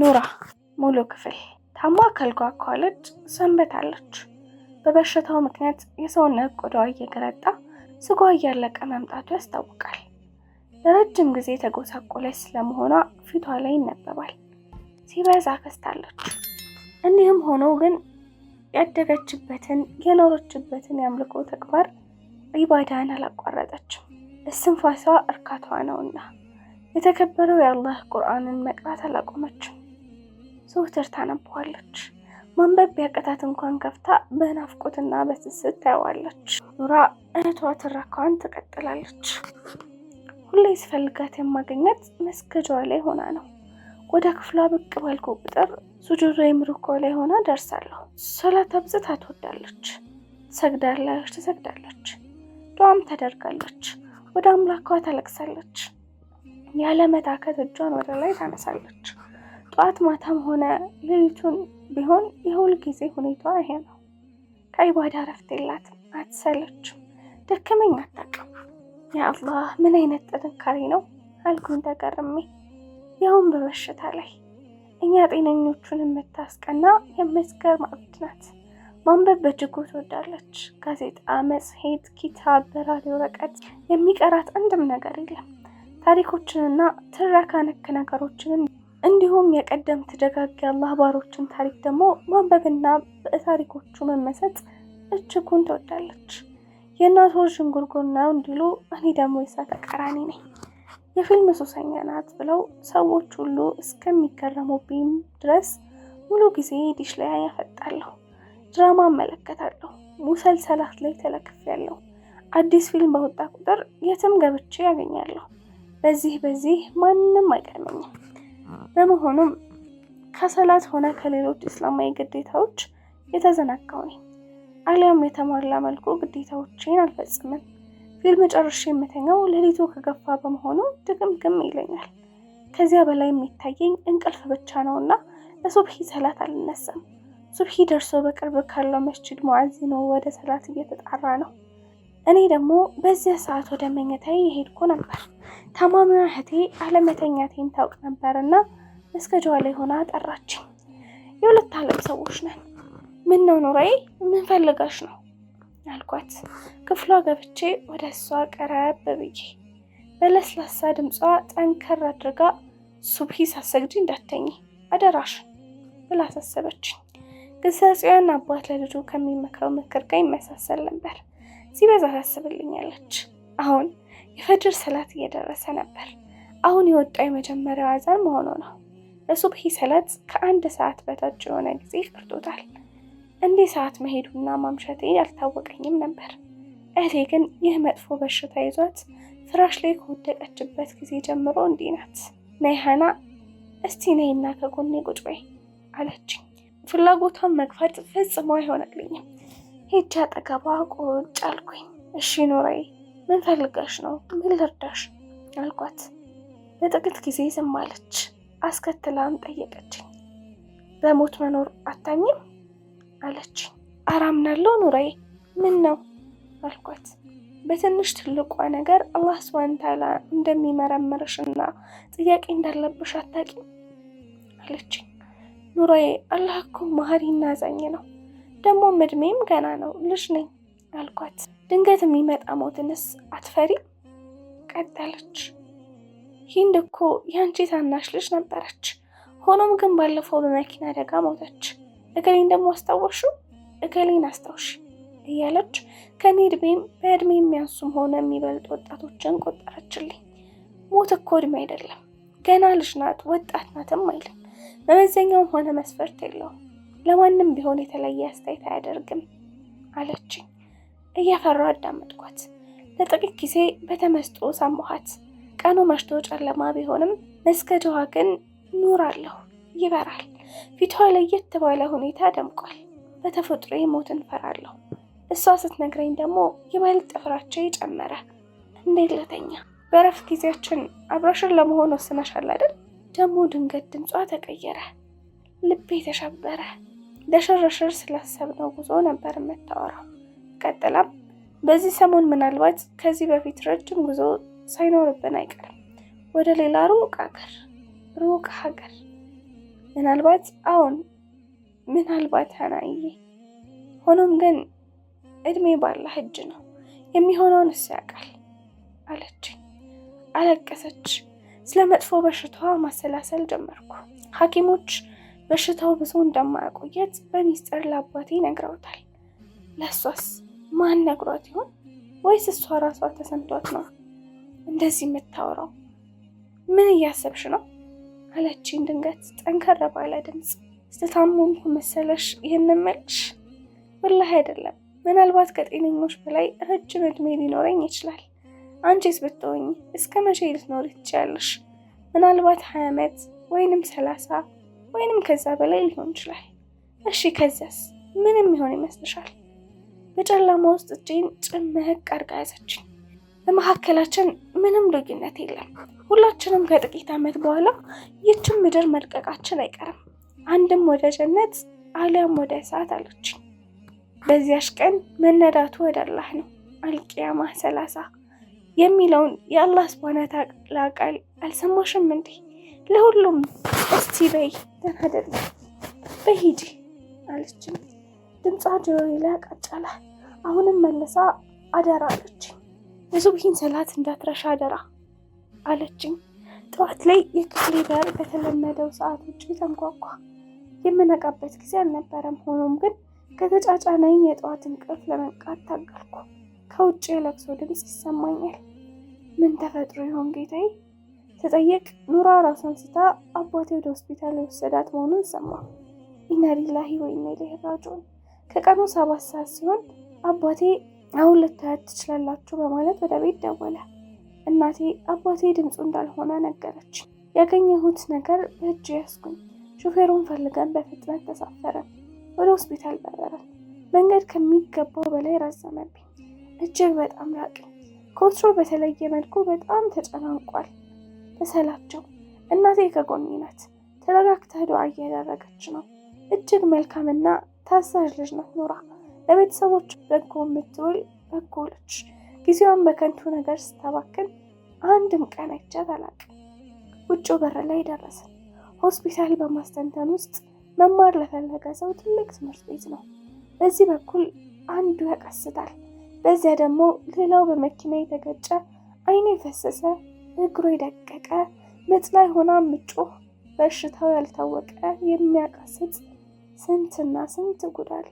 ኖራ ሙሉ ክፍል ታማ ከልጓ ሰንበት ሰንበታለች። በበሽታው ምክንያት የሰውነት ቆዳዋ እየገረጣ ስጓ እያለቀ መምጣቱ ያስታውቃል። ለረጅም ጊዜ ተጎሳቆለች ስለመሆኗ ፊቷ ላይ ይነበባል። ሲበዛ ከስታለች። እንዲህም ሆኖ ግን ያደገችበትን የኖረችበትን የአምልኮ ተግባር ኢባዳን አላቋረጠችም። እስትንፋሷ እርካቷ ነውና የተከበረው የአላህ ቁርአንን መቅራት አላቆመችም። ዘውትር ታነባዋለች። ማንበብ ቢያቀታት እንኳን ከፍታ በናፍቆትና በስስት ታየዋለች። ኑራ እህቷ ትረካዋን ትቀጥላለች። ሁሌ ስፈልጋት የማገኛት መስገጃዋ ላይ ሆና ነው። ወደ ክፍሏ ብቅ ባልኩ ቁጥር ሱጁድ ወይም ሩኮ ላይ ሆና ደርሳለሁ። ሶላት አብዝታ ትወዳለች። ትሰግዳለች፣ ትሰግዳለች፣ ዱዓም ታደርጋለች። ወደ አምላኳ ታለቅሳለች። ያለመታከት እጇን ወደ ላይ ታነሳለች። ጠዋት ማታም ሆነ ሌሊቱን ቢሆን የሁል ጊዜ ሁኔታዋ ይሄ ነው። ከኢባዳ እረፍት የላትም፣ አትሰለችም፣ ደከመኝ አታውቅም። የአላህ ምን አይነት ጥንካሬ ነው አልኩኝ ተገርሜ። ያውም በበሽታ ላይ እኛ ጤነኞቹን የምታስቀና የምትገርም አብድ ናት። ማንበብ በእጅጉ ትወዳለች። ጋዜጣ፣ መጽሔት፣ ኪታብ፣ በራሪ ወረቀት የሚቀራት አንድም ነገር የለም። ታሪኮችንና ትረካ ነክ ነገሮችንም እንዲሁም የቀደምት ደጋግ የአላህ ባሮችን ታሪክ ደግሞ ማንበብና በታሪኮቹ መመሰጥ እጅጉን ትወዳለች። የእናቶች ዥንጉርጉርና እንዲሉ እኔ ደግሞ የሳ ተቃራኒ ነኝ። የፊልም ሱሰኛ ናት ብለው ሰዎች ሁሉ እስከሚገረሙብኝ ድረስ ሙሉ ጊዜ ዲሽ ላይ ያፈጣለሁ። ድራማ እመለከታለሁ። ሙሰልሰላት ላይ ያለው አዲስ ፊልም በወጣ ቁጥር የትም ገብቼ ያገኛለሁ። በዚህ በዚህ ማንም አይቀርመኝም። በመሆኑም ከሰላት ሆነ ከሌሎች እስላማዊ ግዴታዎች የተዘናጋው ነኝ፣ አሊያም የተሟላ መልኩ ግዴታዎችን አልፈጽምም። ፊልም ጨርሼ የምተኛው ሌሊቱ ከገፋ በመሆኑ ድግም ግም ይለኛል። ከዚያ በላይ የሚታየኝ እንቅልፍ ብቻ እና ለሱብሂ ሰላት አልነሳም። ሱብሂ ደርሶ በቅርብ ካለው መስጂድ ሙዓዚኑ ወደ ሰላት እየተጣራ ነው። እኔ ደግሞ በዚያ ሰዓት ወደ መኝታዬ የሄድኩ ነበር። ታማሚዋ እህቴ አለመተኛቴን ታውቅ ነበርና መስገጃዋ ላይ ሆና ጠራችኝ። የሁለት ዓለም ሰዎች ነን። ምን ነው ኑራዬ፣ ምን ፈልጋሽ ነው አልኳት። ክፍሏ ገብቼ ወደ እሷ ቀረብ ብዬ በለስላሳ ድምጿ ጠንከር አድርጋ ሱብሂ ሳሰግድ እንዳተኝ አደራሽ ብላ አሳሰበችኝ። ግሳጽያን አባት ለልጁ ከሚመክረው ምክር ጋር ይመሳሰል ነበር። ሲበዛ ታስብልኛለች። አሁን የፈጅር ሰላት እየደረሰ ነበር። አሁን የወጣው የመጀመሪያው አዛን መሆኑ ነው። ለሱብሒ ሰላት ከአንድ ሰዓት በታች የሆነ ጊዜ ቀርቶታል። እንዲህ ሰዓት መሄዱና ማምሸቴ አልታወቀኝም ነበር። እህቴ ግን ይህ መጥፎ በሽታ ይዟት ፍራሽ ላይ ከወደቀችበት ጊዜ ጀምሮ እንዲህ ናት። ነይ ሃና፣ እስቲ ነይና ከጎኔ ቁጭ በይ አለችኝ። ፍላጎቷን መግፋት ፈጽሞ አይሆነልኝም። ሄጄ አጠገቧ ቁጭ አልኩኝ። እሺ ኖራዬ፣ ምን ፈልጋሽ ነው? ምን ልርዳሽ? አልኳት። ለጥቂት ጊዜ ዝም አለች። አስከትላም ጠየቀችኝ። በሞት መኖር አታኝም አለችኝ። አራምናለሁ ኑራዬ፣ ምን ነው አልኳት። በትንሽ ትልቋ ነገር አላህ ስብሃነ ተዓላ እንደሚመረምርሽና ጥያቄ እንዳለብሽ አታቂም አለችኝ። ኑራዬ፣ አላህ እኮ መሀሪና አዛኝ ነው ደግሞ እድሜም ገና ነው ልጅ ነኝ አልኳት። ድንገት የሚመጣ ሞትንስ አትፈሪ ቀጠለች። ሂንድ እኮ የአንቺ ታናሽ ልጅ ነበረች። ሆኖም ግን ባለፈው በመኪና አደጋ ሞተች። እገሌን ደግሞ አስታወሹ፣ እገሌን አስታውሽ እያለች ከኔ እድሜም በእድሜ የሚያንሱም ሆነ የሚበልጡ ወጣቶችን ቆጠረችልኝ። ሞት እኮ እድሜ አይደለም፣ ገና ልጅ ናት ወጣት ናትም አይልም። መመዘኛውም ሆነ መስፈርት የለውም። ለማንም ቢሆን የተለየ አስተያየት አያደርግም አለችኝ። እያፈራሁ አዳመጥኳት። ለጥቂት ጊዜ በተመስጦ ሳምኋት። ቀኑ መሽቶ ጨለማ ቢሆንም መስገድዋ ግን ኑር አለሁ ይበራል። ፊቷ ለየት ባለ ሁኔታ ደምቋል። በተፈጥሮ ሞትን ፈራለሁ። እሷ ስትነግረኝ ደግሞ ይበልጥ ፍራቸው ጨመረ። እንዴት ለተኛ? በረፍ ጊዜያችን አብራሽን ለመሆን ወስነሻል አይደል? ደግሞ ድንገት ድምጿ ተቀየረ። ልቤ ተሸበረ። ለሽርሽር ስላሰብነው ጉዞ ነበር የምታወራው። ቀጥላም በዚህ ሰሞን ምናልባት ከዚህ በፊት ረጅም ጉዞ ሳይኖርብን አይቀርም ወደ ሌላ ሩቅ ሀገር ሩቅ ሀገር ምናልባት አሁን ምናልባት ሀናዬ፣ ሆኖም ግን እድሜ ባላህ እጅ ነው የሚሆነውን እሱ ያውቃል አለችኝ። አለቀሰች። ስለ መጥፎ በሽታዋ ማሰላሰል ጀመርኩ። ሐኪሞች በሽታው ብዙ እንደማያቆየት በሚስጥር ለአባቴ ነግረውታል። ለእሷስ ማን ነግሯት ይሆን? ወይስ እሷ ራሷ ተሰምቷት ነው እንደዚህ የምታወራው? ምን እያሰብሽ ነው አለችኝ ድንገት ጠንከር ባለ ድምፅ። ስተታመምኩ መሰለሽ ይህን መልሽ? ወላሂ አይደለም። ምናልባት ከጤነኞች በላይ ረጅም እድሜ ሊኖረኝ ይችላል። አንቺስ ብትወኝ እስከ መቼ ልትኖሪ ትችያለሽ? ምናልባት ሀያ ዓመት ወይንም ሰላሳ ወይንም ከዛ በላይ ሊሆን ይችላል። እሺ ከዚያስ ምንም ይሆን ይመስልሻል? በጨለማ ውስጥ እጄን ጭምቅ አድርጋ ያዘችኝ። በመካከላችን ምንም ልዩነት የለም። ሁላችንም ከጥቂት ዓመት በኋላ ይችን ምድር መልቀቃችን አይቀርም። አንድም ወደ ጀነት አሊያም ወደ እሳት አለችኝ። በዚያሽ ቀን መነዳቱ ወደ አላህ ነው። አልቅያማ ሰላሳ የሚለውን የአላህ ስብሃነ ተዓላ ቃል አልሰማሽም እንዴ? ለሁሉም እስቲ በይ ተናደድ በሂድ አለችኝ። ድምፃ ጆሮዬ ላይ አቃጫለ። አሁንም መለሳ አደራ አለች። የሱብሂን ሰላት እንዳትረሻ አደራ አለችኝ። ጠዋት ላይ የክፍሌ በር በተለመደው ሰዓት ውጭ ተንኳኳ። የምነቃበት ጊዜ አልነበረም። ሆኖም ግን ከተጫጫነኝ የጠዋት እንቅልፍ ለመንቃት ታገልኩ። ከውጭ የለቅሶ ድምፅ ይሰማኛል። ምን ተፈጥሮ ይሆን ጌታዬ? ስጠይቅ ኑራ ራሷን ስታ አባቴ ወደ ሆስፒታል የወሰዳት መሆኑን ሰማ። ኢና ሊላሂ ወኢና ኢለይሂ ራጂዑን። ከቀኑ ሰባት ሰዓት ሲሆን አባቴ አሁን ልታያት ትችላላችሁ በማለት ወደ ቤት ደወለ። እናቴ አባቴ ድምፁ እንዳልሆነ ነገረች። ያገኘሁት ነገር በእጅ ያስኩኝ። ሹፌሩን ፈልገን በፍጥነት ተሳፈረን ወደ ሆስፒታል በረረን። መንገድ ከሚገባው በላይ ረዘመብኝ። እጅግ በጣም ራቅኝ። ከወትሮ በተለየ መልኩ በጣም ተጨናንቋል። ተሰላቸው። እናቴ ከጎኔ ናት። ተረጋግተህ ዱዓ እያደረገች ነው። እጅግ መልካምና ታዛዥ ልጅ ናት ኑራ። ለቤተሰቦች በጎ የምትውል በጎ ልጅ። ጊዜዋን በከንቱ ነገር ስታባክን አንድም ቀን አይቻት አላቅም። ውጭው በር ላይ ደረስን። ሆስፒታል በማስተንተን ውስጥ መማር ለፈለገ ሰው ትልቅ ትምህርት ቤት ነው። በዚህ በኩል አንዱ ያቀስታል፣ በዚያ ደግሞ ሌላው በመኪና የተገጨ አይኔ የፈሰሰ እግሩ የደቀቀ ምጥ ላይ ሆና ምጮህ በሽታው ያልታወቀ የሚያቃስት ስንትና ስንት ጉዳለ።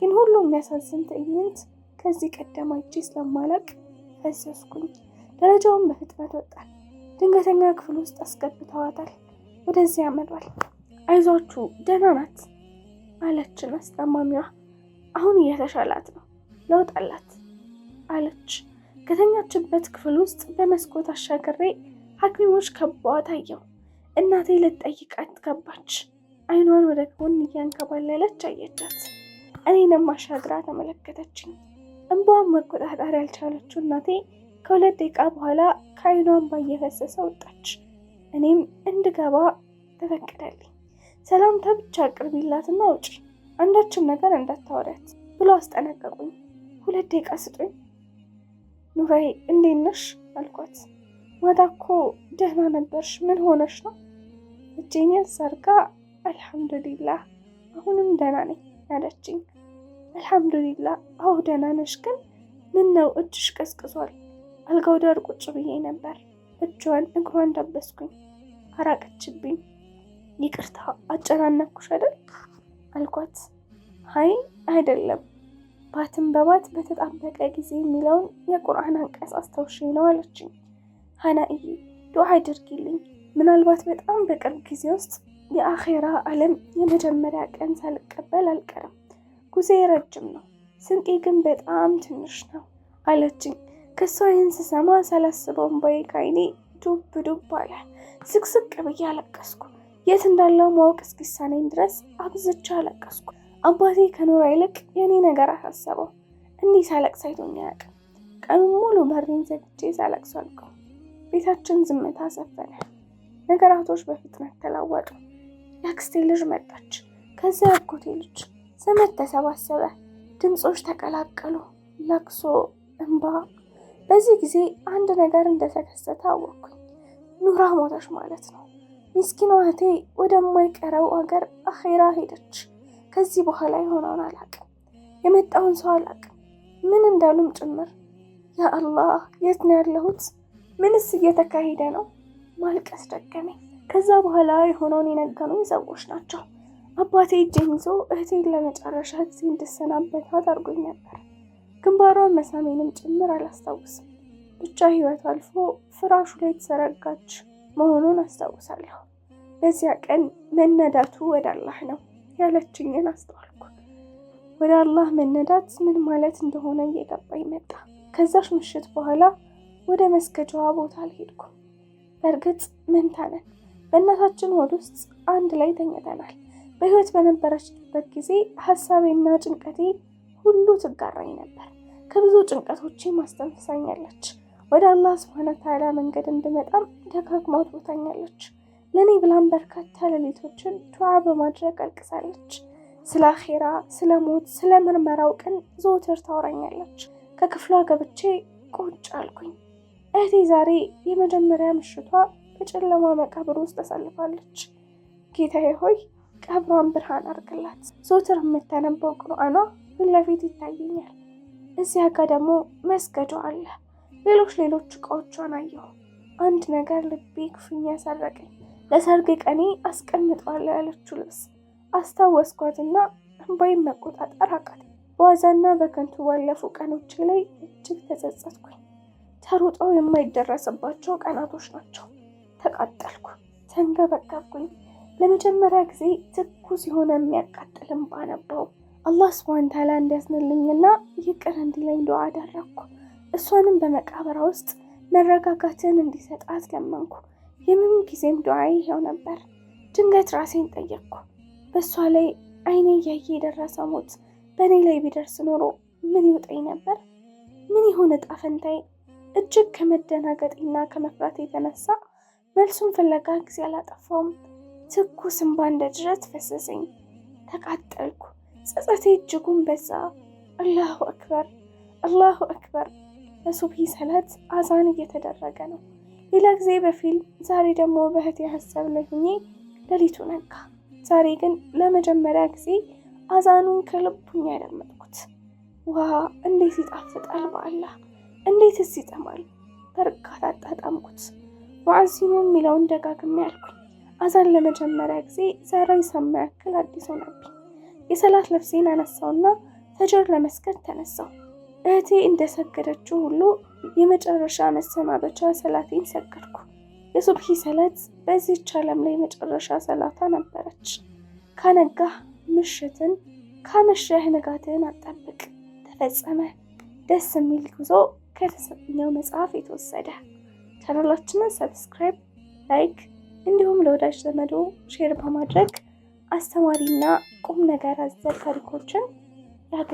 ግን ሁሉ የሚያሳዝን ትዕይንት ከዚህ ቀደም አይቼ ስለማላቅ ፈዘዝኩኝ። ደረጃውን በፍጥነት ወጣል። ድንገተኛ ክፍል ውስጥ አስገብተዋታል። ወደዚህ ያመራል። አይዟችሁ ደህና ናት አለችን አስታማሚዋ። አሁን እየተሻላት ነው፣ ለውጥ አላት አለች። ከተኛችበት ክፍል ውስጥ በመስኮት አሻግሬ ሐኪሞች ከቧዋ ታየው። እናቴ ልትጠይቃት ገባች። አይኗን ወደ ጎን እያንከባለለች አየቻት። እኔንም አሻግራ ተመለከተችኝ። እንባዋን መቆጣጠር ያልቻለችው እናቴ ከሁለት ደቂቃ በኋላ ከአይኗን ባየፈሰሰ ወጣች። እኔም እንድገባ ተፈቀደልኝ። ሰላምታ ብቻ አቅርቢላትና ውጪ፣ አንዳችም ነገር እንዳታወሪያት ብሎ አስጠነቀቁኝ። ሁለት ደቂቃ ስጡኝ ኑራይ እንዴት ነሽ አልኳት። ማታ እኮ ደህና ነበርሽ፣ ምን ሆነሽ ነው? እጄን ሰርጋ አልሐምዱሊላ አሁንም ደህና ነኝ አለችኝ። አልሐምዱሊላ አሁ ደህና ነሽ፣ ግን ምን ነው እጅሽ ቀዝቅዟል። አልጋው ዳር ቁጭ ብዬ ነበር፣ እጇን እግሯን ዳበስኩኝ፣ አራቀችብኝ። ይቅርታ አጨናነኩሽ አይደል አልኳት። አይ አይደለም ባትን በባት በተጣበቀ ጊዜ የሚለውን የቁርአን አንቀጽ አስታውሽ ነው አለችኝ። ሀናእዬ ዱዓ አድርጊልኝ፣ ምናልባት በጣም በቅርብ ጊዜ ውስጥ የአኼራ ዓለም የመጀመሪያ ቀን ሳልቀበል አልቀርም። ጉዜ ረጅም ነው፣ ስንቄ ግን በጣም ትንሽ ነው አለችኝ። ከሷ ይህን ስሰማ ሳላስበው እምባዬ ዱብ ዱብ አለ። ስቅስቅ ብዬ አለቀስኩ። የት እንዳለው ማወቅ እስኪሳነኝ ድረስ አብዝቻ አለቀስኩ። አባቴ ከኖራ ይልቅ የእኔ ነገር አሳሰበው። እንዲህ ሳለቅስ አይቶኝ ያቅ ቀኑን ሙሉ በሬን ዘግቼ ሳለቅ አልቀው። ቤታችን ዝምታ ሰፈነ። ነገራቶች በፍጥነት ተለወጡ። የአክስቴ ልጅ መጣች፣ ከዚያ የአጎቴ ልጅ፣ ዘመድ ተሰባሰበ። ድምፆች ተቀላቀሉ፣ ለቅሶ፣ እንባ። በዚህ ጊዜ አንድ ነገር እንደተከሰተ አወቅኩኝ። ኑራ ሞተች ማለት ነው። ምስኪኗ እህቴ ወደማይቀረው አገር አኼራ ሄደች። ከዚህ በኋላ የሆነውን አላቅም፣ የመጣውን ሰው አላቅም፣ ምን እንዳሉም ጭምር። ያ አላህ የት ነው ያለሁት? ምንስ እየተካሄደ ነው? ማልቀስ ደገመኝ። ከዛ በኋላ የሆነውን የነገሩኝ ሰዎች ናቸው። አባቴ እጄን ይዞ እህቴን ለመጨረሻ ጊዜ እንድሰናበታት አድርጎኝ ነበር። ግንባሯን መሳሜንም ጭምር አላስታውስም። ብቻ ህይወት አልፎ ፍራሹ ላይ የተዘረጋች መሆኑን አስታውሳለሁ። በዚያ ቀን መነዳቱ ወደ አላህ ነው። ያለችኝን አስተዋልኩ። ወደ አላህ መነዳት ምን ማለት እንደሆነ እየገባኝ መጣ። ከዛሽ ምሽት በኋላ ወደ መስገጃዋ ቦታ አልሄድኩም። በእርግጥ መንታ ነን። በእናታችን ሆድ ውስጥ አንድ ላይ ተኝተናል። በህይወት በነበረችበት ጊዜ ሀሳቤና ጭንቀቴ ሁሉ ትጋራኝ ነበር። ከብዙ ጭንቀቶቼ ማስተንፈሳኛለች። ወደ አላህ ስብሐነ ተዓላ መንገድ እንድመጣም ደጋግማ ትቦታኛለች። ለእኔ ብላም በርካታ ሌሊቶችን ዱዓ በማድረግ አልቅሳለች። ስለ አኼራ፣ ስለ ሞት፣ ስለ ምርመራው ቀን ዘወትር ታወራኛለች። ከክፍሏ ገብቼ ቁጭ አልኩኝ። እህቴ ዛሬ የመጀመሪያ ምሽቷ በጨለማ መቃብር ውስጥ ተሰልፋለች። ጌታዬ ሆይ ቀብሯን ብርሃን አድርግላት። ዘወትር የምታነበው ቁርአኗ ፊት ለፊት ይታየኛል። እዚያ ጋር ደግሞ መስገጃ አለ። ሌሎች ሌሎች እቃዎቿን አየሁ። አንድ ነገር ልቤ ክፉኛ ሰረቀኝ። ለሰርግ ቀኔ አስቀምጧል ያለችው ልብስ አስታወስኳትና እንባይ መቆጣጠር አቃት። በዋዛና በከንቱ ባለፉ ቀኖች ላይ እጅግ ተጸጸትኩኝ። ተሩጠው የማይደረስባቸው ቀናቶች ናቸው። ተቃጠልኩ፣ ተንገበገብኩኝ። ለመጀመሪያ ጊዜ ትኩስ የሆነ የሚያቃጥል እንባ ነባው። አላህ ስብሃነ ተዓላ እንዲያዝንልኝና ይቅር እንዲለኝ ዱዓ አደረግኩ። እሷንም በመቃብሯ ውስጥ መረጋጋትን እንዲሰጣት ለመንኩ። የምን ጊዜም ዱዓዬ ይሄው ነበር። ድንገት ራሴን ጠየቅኩ። በእሷ ላይ አይኔ እያየ የደረሰ ሞት በእኔ ላይ ቢደርስ ኖሮ ምን ይውጠኝ ነበር? ምን ይሆን ጣፈንታይ ፈንታዬ? እጅግ ከመደናገጤና ከመፍራት የተነሳ መልሱን ፍለጋ ጊዜ አላጠፋውም። ትኩስ እንባ እንደ ድረት ፈሰሰኝ። ተቃጠልኩ። ጸጸቴ እጅጉን በዛ። አላሁ አክበር፣ አላሁ አክበር። በሱብሂ ሰላት አዛን እየተደረገ ነው። ሌላ ጊዜ በፊልም ዛሬ ደግሞ በእህቴ ሀሳብ ላይ ሆኜ ሌሊቱ ነጋ። ዛሬ ግን ለመጀመሪያ ጊዜ አዛኑን ከልቡኝ ያደመጥኩት። ውሃ እንዴት ይጣፍጣል! በአላ እንዴትስ ይጠማል! በርካታ አጣጣምኩት። ሙአዚኑ የሚለውን ደጋግሜ ያልኩኝ አዛን ለመጀመሪያ ጊዜ ዛሬ ሰማ ያክል አዲስ ሆነብኝ። የሰላት ልብሴን አነሳውና ፈጅር ለመስገድ ተነሳው። እህቴ እንደሰገደችው ሁሉ የመጨረሻ መሰናበቻ ሰላቴን ሰገድኩ። የሱብሂ ሰላት በዚች ዓለም ላይ የመጨረሻ ሰላታ ነበረች። ከነጋ ምሽትን፣ ካመሸህ ንጋትን አጠብቅ። ተፈጸመ። ደስ የሚል ጉዞ ከተሰኘው መጽሐፍ የተወሰደ። ቻናላችንን ሰብስክራይብ፣ ላይክ እንዲሁም ለወዳጅ ዘመዶ ሼር በማድረግ አስተማሪና ቁም ነገር አዘል ታሪኮችን ያገኙ።